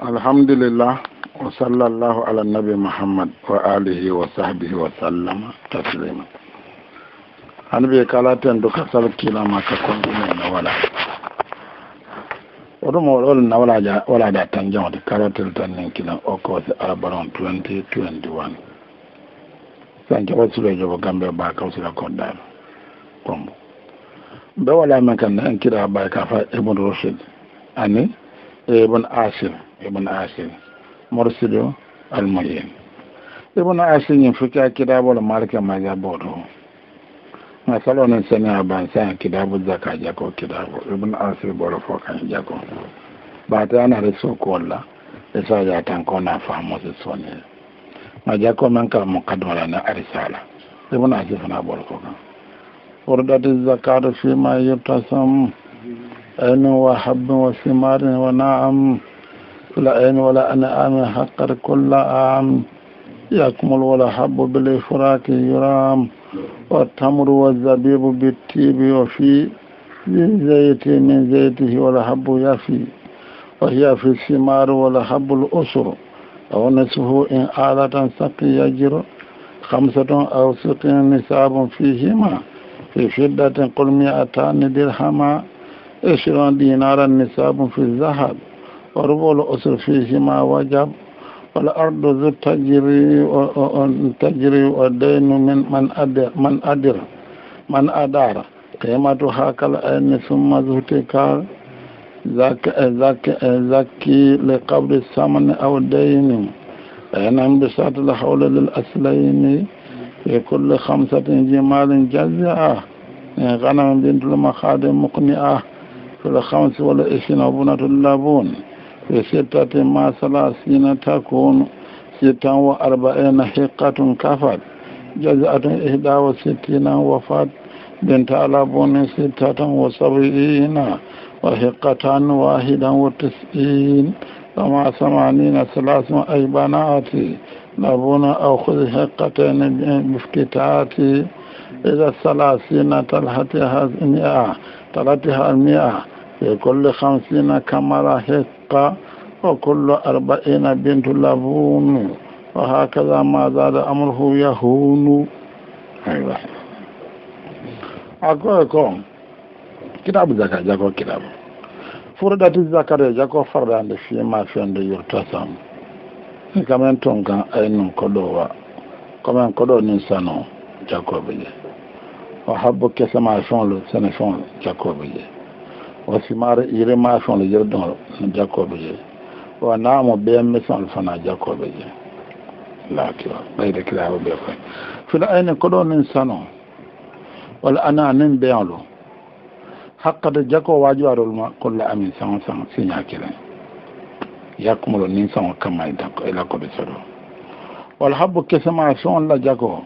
alhamdulillah wa sallallahu ala nabi muhammad wa alihi wa sahbihi wa sallama taslima an bai duka maka na wala wadda na wala da tanjan wata tannin kilan 2021 wasu gambe ba da bai wala kira kafa ibn rushid ani ibn ashir ibn asir mursido almuyin ibn asir yin fika kidabol malika maja bodo na salonin sani a bansan kidabu zaka jako kidabu ibn asir bodo fokan jako ba ta yana da soko walla da sa ya tanko na fahimu su sone ma jako man ka mukaddama na arisala ibn asir fana bodo fokan فرضت الزكاة فيما يبتسم عين وحب وثمار ونعم أنا أنا حقر كل عام يكمل والحب بالإفراك يرام والتمر والزبيب بالتيب وفي زيت من زيته حب يفي وهي في الثمار حب الأسر أو نصفه إن آلة سقي يجر خمسة أو ست نساب فيهما في شدة قل مئتان درهما عشرون دينارا نساب في الذهب وربع الأسر فيهما وجب والأرض ذو تجري تجري والدين من من أدر من أدر من أدار قيمة قيمتها أين ثم ذهتك ذاك ذاك ذكي لقبل الثمن أو دين فإنهم بساط الحول للأسلين في كل خمسة جمال جزعة غنم بنت المخادم مقنعة في الخمس والإثنى بنة اللبون في ستة ما ثلاثين تكون ستا وأربعين حقة كفت جزءة إحدى وستين وفات بنت ألبون ستة وسبعين وحقة واحدة وتسعين ومع ثمانين ثلاث أي بنات لبون أو خذ حقتين بافتتاتي إلى الثلاثين تلحتها المئة تلحتها المئة لكل خمسين كمرة هقة وكل أربعين بنت لبون وهكذا ما زال أمره يهون أيوة أقولكم كتاب زكاة جاكو كتاب فردة الزكاة جاكو عند فيما في عند يرتسم kamen ton kan ainihin kodowa kamen kodo ni sano jacobi ne wa habbo kesa ma fɛn o simaara irimation le yere doŋo no jakkooɓe jee o naamo bemission le fana jakkooɓe jee laakio ɓayde kilaaɓe ɓee koy fino ayne ko ɗoo nin sano walla ana nin beenlu hakkade jakkoo waajuwaarol ma kolla amin san san siñaa kilen yakkumolo nin sano kammay dakko e, e lakkoɓe soɗoo walla habbo kesemation la jakkoo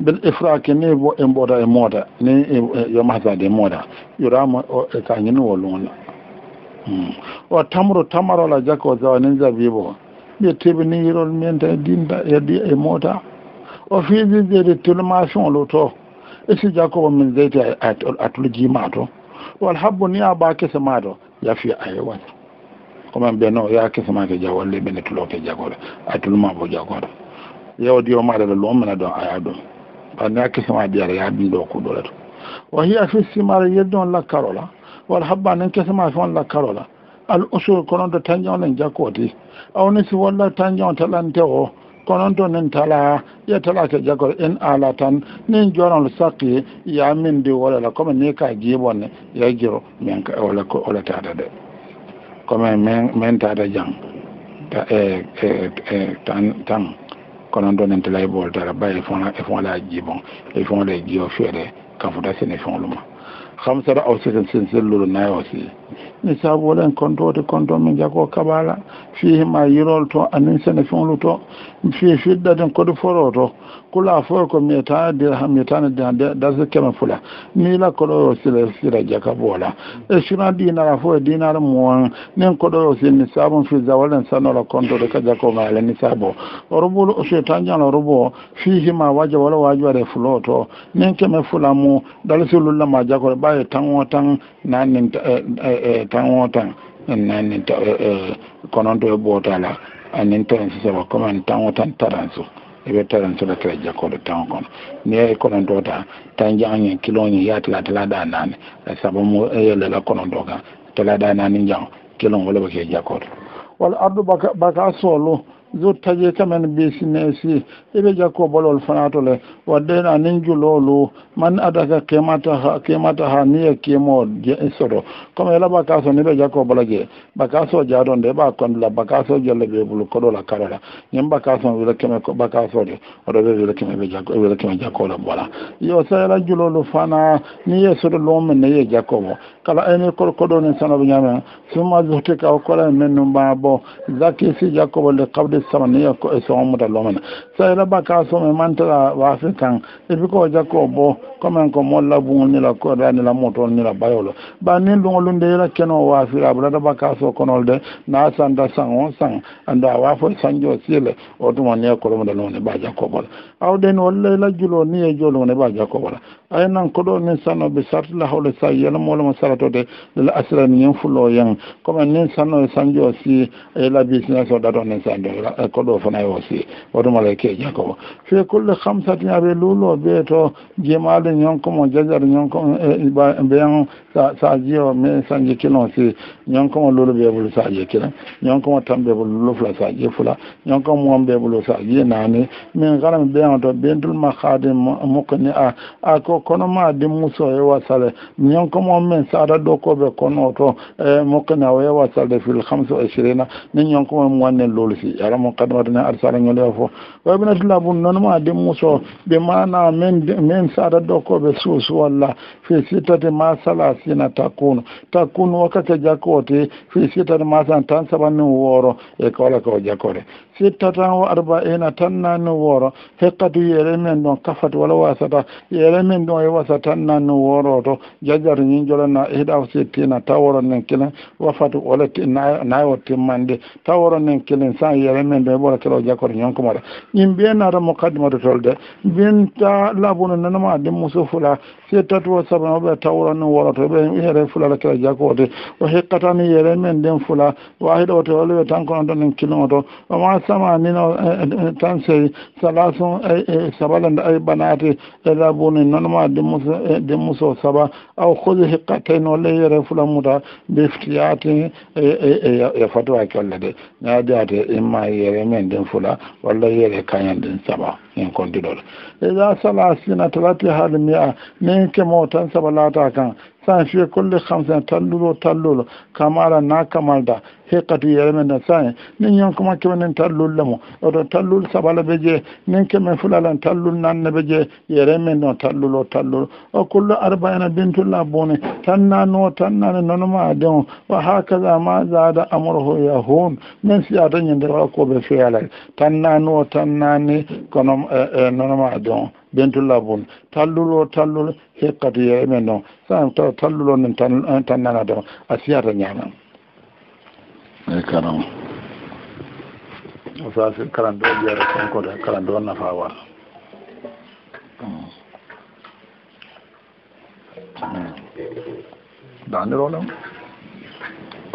bel efrake ni bo e mboda e mooda ni e, e, yo mahdade e mooda yurama e kañini wo luna hmm. o tamro tamarola jakko zawa nin jabibo ɓe tebi ni yirol minta dinta eddi e, e mooda o fiisijede télémation lo to e si jakkobo min jeyti atelji ma to wal habbo ni aɓa kese ma to yafi ayewat ko men ɓe no ya kese ma ke jagolle ɓene tulo ke jagole atelma bo jagole diyo ma yawdi o don ɗo omina ba aya ɗum banni biyar ya bi doku dole to wa hiya fi simara yeddi on wani wala habba nen ma fi on lakkarola al usul konon to tanƴe onen jakkoti awni si walla tanƴe wani talante o konon to nin tala ya tala ta jakor in ala tan nin joron saki ya min di wala la comme ni ka jibon ya jiro men ka wala ko wala tata de men men jang ta eh eh, eh tan tan kɔnɔntɔn ni tila i b'o dara ba ye fɔn la e fɔn la ji bɔn e fɔn la ji o feere ka futa sɛnɛ fɛnw ma hamsata awsikin sinsilluru nayi wasi ni kanto kontode kanto min jako kabala fihima yirol to anin sene feŋlu to fi fiɗɗaten kodi foro to kula foy ko ta dirham mitane da su keme fula nila la sila sira jaka boola e suna dinara foye dinara muwan nin yau si ni sabum fi zawalen kanto da ka jakogale ni sabo orubul shaitan jalo fi fihima waja wala da fulo to ni keme fula mu jako ba kwaye tan wotan nanin eh, eh, eh, tan wotan nanin konon to bota la a nin tan se ba kuma tan wotan taransu ebe taransu da kira jako da tan kon ne konon to ta tan janyen kilon ya tala tala da nan sabon mu yele la konon to ga tala da nan jan kilon wala ba ke jako wal ardu baka baka solo zottaje kamen e be sinesi eɓe jakko bolol fana to le den anin julolu man adaka kemataha kemataha niye kemo soto comme ela bakaso ni ɓe jakko bola je e bakaso jadonde eɓa kondula bakaso jolle ɓe bulu koɗola karola ñin bakaso wila keme bakasode oɗo ɓe wila keme ɓe wila keme jakkola bola yo e so ela julolu fana niye soto lumen ne ye jakkobo kala ayni koɗo ni sanoɓe ñamen summa zotika o kola men num ɓa bo zakki si jakobo le kabde samaniya ko esoŋo muta lomena sayira ba ka some mantara waafi kan ibi ko jakko bo commen ko molla buŋol nila koda nila motol nila bayolo ba ni luŋolum de yila keno waafira bulata ba ka so e konol de na santa saŋo saŋ anda a waafo sanjo siile o tuma niye kolomuda lomene ba jakko bola awden walla ila julo ni ye jolumene ba jakko bola ay nan ko ɗo min sanno be sartila hawle sa yelamolemo saratode lela asirani yen fulo yen comme nin sanno e sanjo si ila business o san nin sanjo koɗo fana e wasi woto malaikeja ko fe kulle hamsati aɓe luulo ɓe to jemade ñonkomo jajata ñonkomo ɓeyan saji o mi sanji kino si ñonkomo lulu ɓe ɓolo saji kila ñonkomo tan ɓe ɓolo lulu fula saji fula ñonkomo mon ɓe ɓolo saji ne min kala mi ɓeyan to ɓentulma haade mokkoni a a ko kono ma di muso e wasale ñonkomo min sada ɗo koɓe kono to eh, mokkoni a o e wasalde fil hamsa e sirina ni ñonkomo mi wannen lulu si ara mo kadi waɗane arsala ngel o fo waɓinatilabun noon ma dimmuso ɓe mana men min saɗa ɗokkoɓe suus walla fi sittati ma salasina takkuno takkuno wakkake jakkoti fi sittati masan tan saɓanni wooro e ko wala ko jakkore sittatan o arba ina tan nanni wooro hekkati yere men ɗon kafati wala wasata yere men ɗon e wasa tan nanni wooro to jajjata ñin jolana e hiɗaw sittina taworo nen kilin wafati wala nayo timmande taworo nen kilin san yere men men ɓe ɓora kelo jakore ñonkomoɗa ɗin mbiyen naata mokaddima to tolde mbiyen ta labuno nanama adin muso fula si tatuwo sabana oɓe tawro ni woroto ɓe yere fulala kela jakode o hikkatani yere men ɗin fula wahida oto oleɓe tan kono ɗon en kilin oto oma sama nino eh, eh, eh, tan sey salasun sabalande ay banati e labuni nanama adin muso saba aw kodi hikkatayno olle yere fula muta beftiyatin e fatuwa kelle de ñaadiate imma yere men ɗin fula walla yere kañen ɗin saba en kondiɗol ida sala sina talati haali mi'a min kemo tan saba laata kan san fiye kulle hamsin tallulo tallulo kamara na kamar da hekatu yɛrɛmɛ da san ni ɲɔn kuma kɛmɛ ni tallul lamu o don tallul saba la bɛ je ni kɛmɛ fila la tallul nan la bɛ je yɛrɛmɛ da tallul o o kullu arbaina bintu la bɔnɛ tan naani o tan naani ma a denw wa hakaza ma zaada amurhu yahun min siya ata ɲin de wa ko bɛ fɛ ala tan naani o tan naani ma bentu labun tallulo tallulo hekkati yere men ɗon sa taw tallulo nen tan tan nana nanadema a siyata ñaman eyi karam sasi karanɗo jeere konkoda karanɗo nafa wala hmm. daniroɗam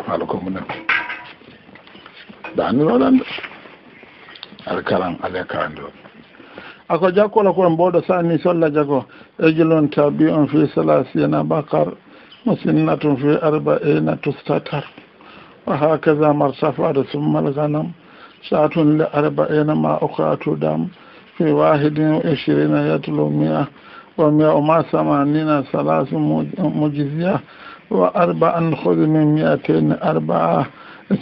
haala komunen daniroɗam de aɗa karan ala karanɗo ako jakkola kon mbawɗo sami sollaja ko ejilon tabi on fi salasina bakar musinnatum fi arbaina tustatar wa hakaza martafaɗo summalganam satum le arbaina ma okatudam fi wahidin ishirina yatlu mia wa mia uma samanina salasu mujizia wa arbaan hodi min miatin arbaa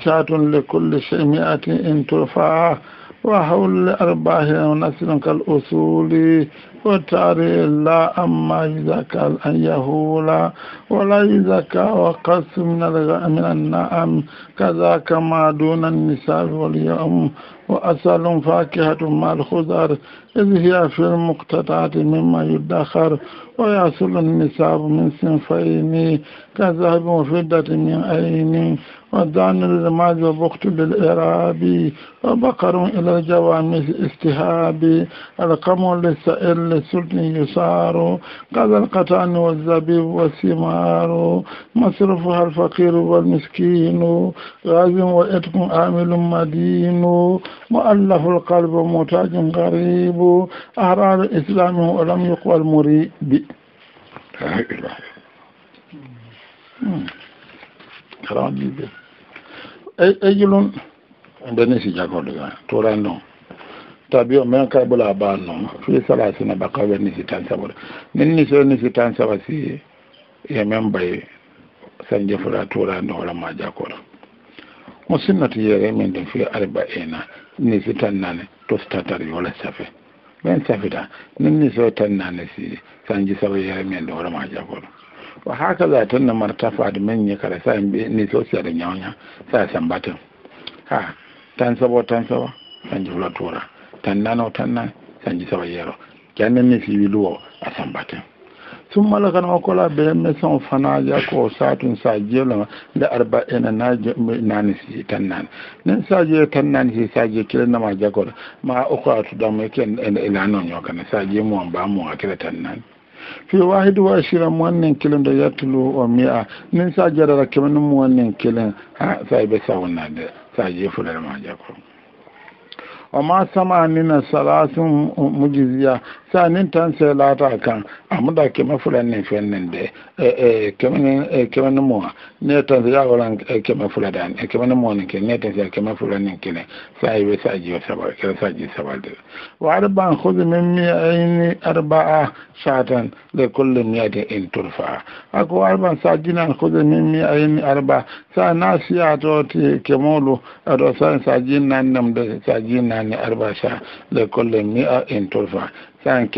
satum le kulle shei miatin intofaa وحول أرباعه ونسل كالأصول وتعري لا أما يزكى أن يهول ولا يزكى وقص من من النعم كذاك ما دون النساء واليوم وأسل فاكهة مع الخضر إذ هي في المقتطعة مما يدخر ويحصل النساب من صنفين كذهب وفدة من أين والدان للماج وبخت للإراب وبقر إلى الجوامس استهاب القمر للسائل للسلطن يسار كذا القطان والزبيب والثمار مصرفها الفقير والمسكين غاز وإتق آمل مدين مؤلف القلب متاج غريب bo araɗo islami o lam yokwal mori bi e, e julum ndenisi jagoɗoga tora non tabi o min kay bola ba non fi sala sina ɓa kawe nisi tan saba ɗo min niso nisi tan saba si ye min mbay sanje fota tora non olama jagoɗo mo sinnati yere min de fi arba ena nisi tan nane to statari wala safe ɓen safita tan na na si sanji saba da men ɗo worama ba haka za tan na mara da men ñi kala sa ni so seeɗa ñawña sa sambaten ha tan sabo tan saba sanji fula tura tan nano tan nan sanji saba yero janne mi si luwa a san sambaten Sun summala kanama kola ɓeyenne son fanaja ko satun sa jeeloma nde arba ene najo nani si tan nani nen saji tan nani si saji kilenama jagoɗo ma oko atuɗamo ken ene elanoño kana saji mum ba mu mum akira tan nani fi wahid wa ashira wannan kilin da ya tulo wa mi'a nin sa jara da kimin mu wannan kilin ha sai be sa wannan da sa je fular ma jako amma sama nina salasun mujiziya sa nin tan seelata a kan amuda keme fula ni fen nin de keme e, e, ni moa ne tan se yaworan e, keme fula dan keme ni moo nin ke ne tan se keme fula ke ne sa yiwe sa jiyo sabal kira sa ji sabal da wa arban hudu min mi ayni arba'a shatan kullum ya da in turfa ako arban sa jinan hudu min mi ni arba sa na siya to ti kemolu a san sa jinnan nan da sa jinnani arba sha le kulli mi'a in turfa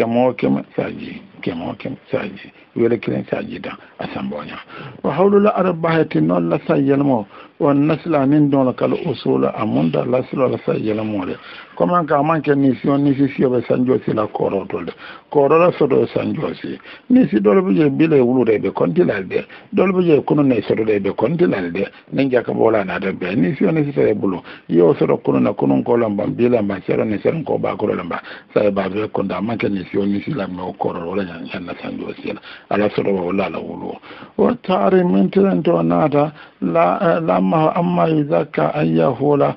amor que é masaji kemo kem saji wele kilen saji dan asambonya wa hawlu la arbahati non la sayel mo won nasla nin don la kal usula amunda la sula la sayel mo le comment ka man ken ni si ni si si be sanjo si la koro to le koro la so do sanjo si ni si do be je bile wulu de be konti la de do be je kuno ne so do de be konti la de nin jaka bola na de be ni si on ni si tere bulu yo so do kuno na ko lamba ma sero ne sero ko ba ko lamba sai ba be ko da man ni si ni si la mo koro ñan janna sanjo sila ala soɗowa o laala wuluwo o taari min tirente o naata lammaho amma yuzakka an yahuula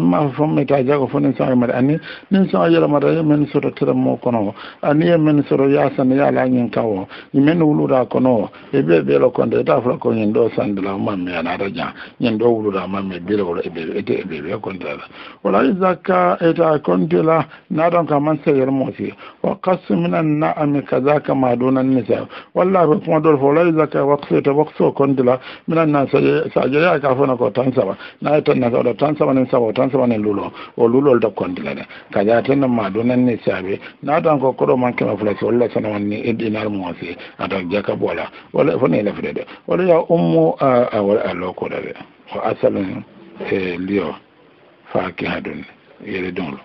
ma fommita jago foni sago mbaɗa ani nin sago yelamata yo min soto tira mo kono o ani yo min soto yasana yaalañin kaw o min wuluda kono o e ɓe ɓeelo konde eta fota ko ñin ɗo sandila mamme anaata ma ñin ɗo wuluda mamme ɓeelowolo ete e ɓeɓe konteɗa wala yuzakka eta kontela naɗon ka man seyel mosi wa kasu minan naami ka kazaka ma duna nisa wallahi be kuma dol fo zaka waqso to waqso kondila minan na sa jere ka fona ko tan saba na tan na ko tan saba ne saba tan saba ne lulo o lulo da kondila da kaza tan ma duna nisa be na tan ko kodo man kema flex walla sana wonni edinar mo fi adan jaka bola wala fo ne la wala ya ummu a wala aloko da be ko asalin liyo fakiha ɗum yele donlo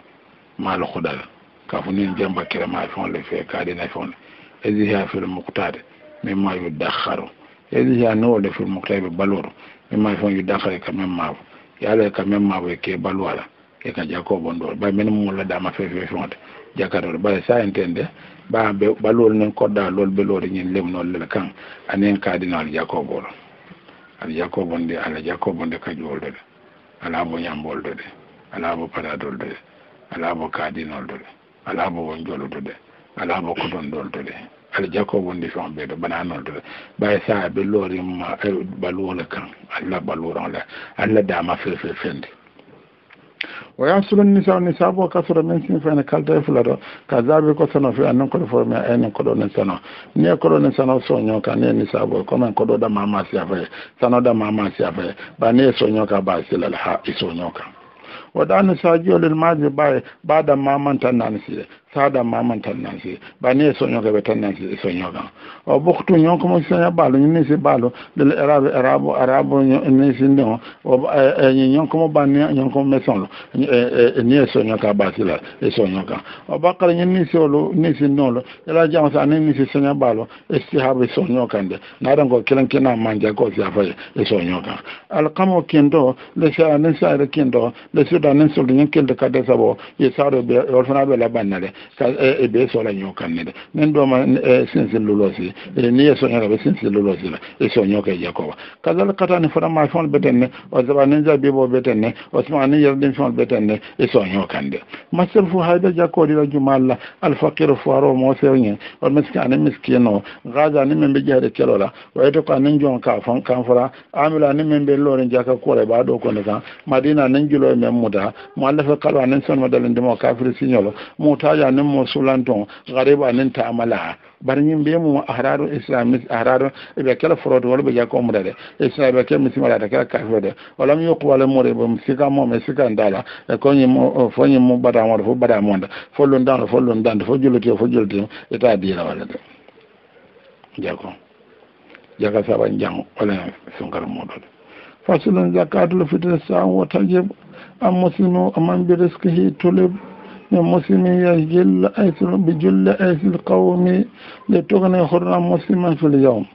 maalo huɗal ka fo nin jamba kirama fewle fe kaaɗina eziha fil muktade mimma yudakharu eziha nowode fil muktade ɓe min ma fon yudakhara ka même mabo yo ala ka min mabo e ke baluwala e ka jako bonɗore ɓay min mullaɗama fefe fewde jakatore ba sa entende ɓa ɓe ɓalol nen koɗɗa lol belore ñin lemnollel kan anen kaadino ala jakoboro ala jakobo ala jakobonde kajuwolɗode ala bo ñambolɗode ala bo paɗaɗolɗode ala bo kaadinolɗode ala bo won joludude ala mo ko ɗon ɗol tole ala jakko wondi fen ɓeeɗo bana noon tole ɓay e saa ɓe loorimma ɓaluwole e kan allah ɓaluran la allah dama fe fende o yasulu nisa nisa bo kasoro min sin fene kalta e fula ɗo ka zabi ko sono fe annen koɗo fo mi ko koɗo ne sono ni e koɗo ne sono soño ka ni e nisa bo ko commen koɗo ɗa mama siafa e sano ɗa mama siafa e ba ni e soño ka ba silal ha i soño ka waɗani sa jolel maji ɓa e baɗan tan nani sie sada maman tannansi ba ne sonyo ga tannansi e sonyo ga o buktu nyon ko mo sonya balo ni se balo del arabo arabo arabo ni se ndo o e, e, nyon ko mo ba ne nyon ko me sonlo ni sonyo ka ba sila e sonyo ga o ba kala ni se lo ni se ndo lo ela jam sa ni ni se sonya balo e si ha be sonyo ka nde na ran ko kilan kina manja ko sa fa e sonyo ka al kamo kendo le sa ne sa re kendo le su da ne so ni kendo ka de sabo ye sa do be o na be la banale ne ɓe e, sola ñoo kannede min e, ɗoma sinsilluloosi e, ni e soñata ɓe sinsilluloosi la e soñoo ke jakoba kadal katani fotama feol ɓetenne o sabanin jabibo ɓetenne o sumani yerɗin feol ɓetenne e soñoo kannde masel fo hayɓe jakkoɗiɗo jumalla alfaqiru foiro mo sewñe o miski ani miskine o gaja ani min ɓe jehade kelola wayto ko anin jon ka fon kan fora amila anin min ɓe lorin jaka kore ɓa ɗo konde kan madina anin julo e men muta mo allah fe kalwa anin sonma dalindimo kafiri signolo mutaji anin musulan ton garib anin bar barnyin be mu ahraro islami ahraro be kala forodo wala be jakom dede isra be ke misima da kala kafo de wala mi yoku wala more be misika mo me sika ndala e ko nyi mo e fo nyi mo bada mo fo bada mo nda fo lu ndan fo lu ndan fo juluti fo juluti eta bi la wala de jakom jaga saban jang wala sunkar modol fasulun zakatul fitr sa wa tajib am muslimu amman bi rizqihi tulib من مسلم يجل بجل أيس القوم لتغني حرا مسلما في اليوم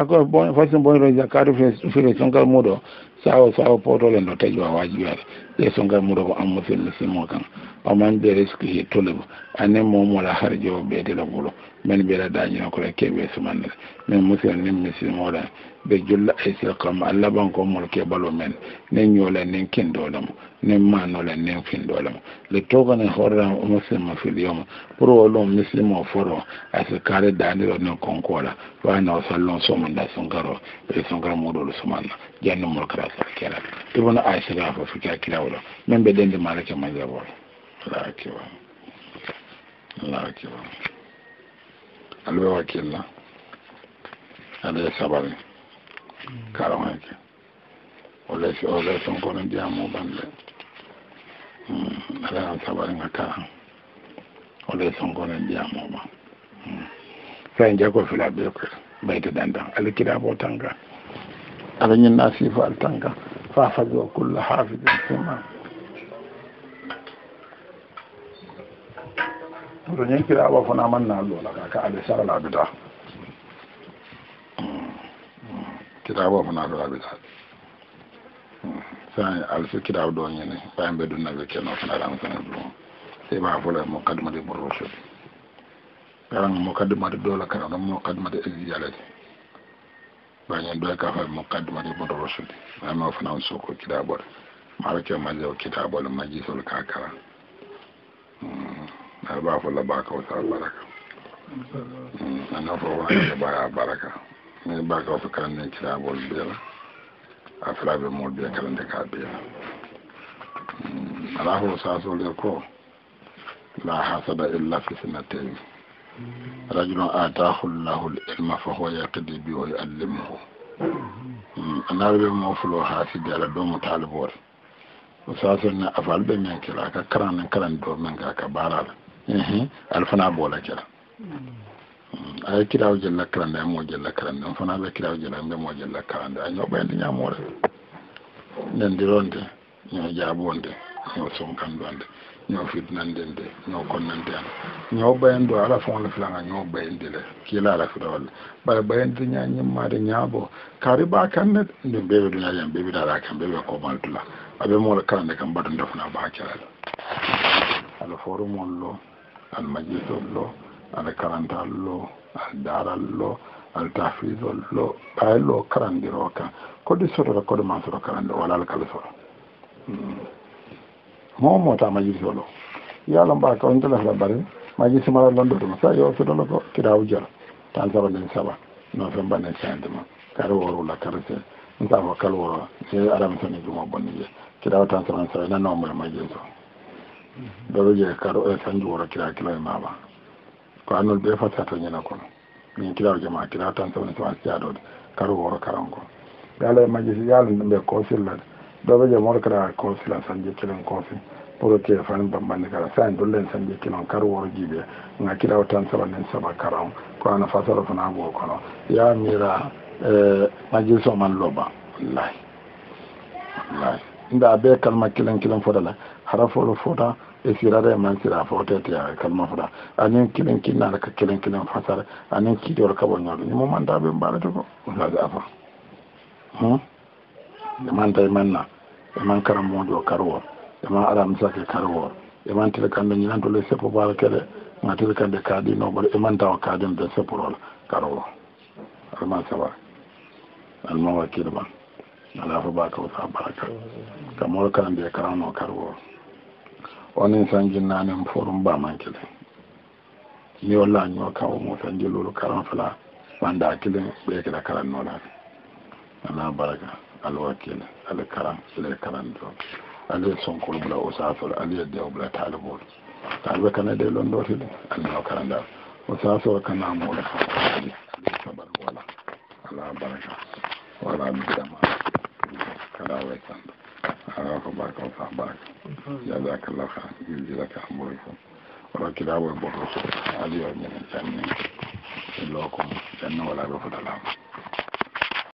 ako bon fasin bon ro zakari fere songal mudo sawo sawo poto len do tajwa wajibi ala e songal mudo ko ammo fil musimo kan o man be riski tolebo ane momola harjo be de la bulo men ɓeeɗa dañino kola keɓe sumannere min musidal nin misilmoɗa ɓe julla ay silkam allah banko mol keɓalo men nin ñoola nin kindolemo nin manola nin findolemo le togane horra musilma filiyoma pour wolum misilmo foro asi kare daniro nin konkola fana o sallon somunɗa sunkaro ɓe sunkara muɗol sumanna janni mol kara sar kera ibona aisaga fo fika kirawolo min ɓe ɗendi malake majabol allahu akibar allahu akibar ala ɓe wakkilla ala e sabari karamake olesi ole son kono ndiya muɓanɗe hmm, ala an sabaringa karam ole son kono ndiya muɓa hmm. sayi je ko fila bɛ ɓe koy ɓayde dandan ala kiɗabo tanga ala ñinna sifa al tanga fa hafi bi hafidin siman koto ñinkiraɓa fona manna loola ka ka ale sarala bita kitabu fana fela bita san alfi kitabu ɗo ñini ɓayen ɓe dunnaɓe keno fana ran fana dum sai ba mu fola mo kadmade borroso karan mo kadmade dola mu karan ɗon mo kadmade exijalete ɓañen mu ka fa mo kadmade borroso ma fana so soko kitaɓore maɓe ke majjo kitaɓole majjisol ka karan hmm. har ba fula ba ka baraka a fa wani da baya baraka ne ba ka wata mm, karan ne kira bol biyar a fila bai mor biyar karan da ka biyar mm, alafu sa so le ko la hasada illa fi sanatayn rajulun atahu llahu al-ilma fa huwa yaqdi bi wa yu'allimuhu mm, annabi bai mo fulo hasi da ala domu talibor sa so ne afal be men kira ka karan karan ka Mhm. ala fana ɓoola kela mhm. aye kirawo jella karande a mo jella karande fana ɓe kirawo jella mbe mo jella karande a ñoɓoyde ñamore nendironde ño jaabonde ño sonkandonde ño fitnandinde ño konnante an ño ɓayendu ala fonle filanga ño ɓayendile kiila ala firawalle ɓara ɓayendide ña ñimmade ñaabo kaari ɓa kanne ndin ɓeɓe duñajen ɓeɓiɗaɗa kam ɓeɓe komaltula aɓe moole karande kam mbaɗu defna ɓa kerala ala forumollo al majlisollo ala karantallo al darallo al tafidollo ɓayillo karandiro kan kodi sotota kodo ma soto karandi wala ala kala soto hmm. mo mota majlisolo yalon ɓa ka on telata bari majlisi mara londotoma sa yo sotolo ko kirawu jara tan saba len saba no fen bane candema kare worula kare se nta fo kal woro ni adama soni juma bonni je kirawu tan saba saba ina nomre majliso ɗoɗo je karo e sanju woro kira kila ya mama ko annon ɓe fottata ñina kono min kilawo jama kila tan wasu ya dole karo woro karan kon ɓe ya e majji kofin yaala da rage ɗoɓe kira moro kara kosila sanje kilen kosi pour que fan san kala sani dollen sanje kilon kar woro jiɓe ga kilawo tan sowanen saba karan ko ana fasara fana goo kono yamira eh, majji man loba wallahi wallahi inda ɓe kalma kilan kilan fotala hara fota e sirata e man sira fote teya kalma fota anin kilin kinnare ka kilin kilin fasare anin kiidol kaɓo ñolɗo ñimo mantaɓe mbaɗete ko ustade afa e hmm? manta e manna e man karamojo karwo e man aramsake karwo e man tele kamɓe ñinantole seppo bara kele ma tele kamɓe kaadinoɓoɗo e man tawa kaadinoɗe sepporol karwo alma sabar alma wakkil ma ala fo ba ka baraka kamol kalan mbiye karano karwo onin sanjin nanen forum ba mankile ni wala ni ka o mo sanji lulu karan fala banda kilin be kala karan no la Allah baraka alwakil alkaram sile karan do ale son ko bula o safal ale de o bula talibol talbe kana de lon do ti Allah karan da o safal kana mo la sabar wala ala baraka wala bidama kala wai sanda حقاك وبارك وصحبك جزاك الله خير يجزاك أمرك وركلا وبرسول علي ومن الجنة لكم جنة ولا بفضل الله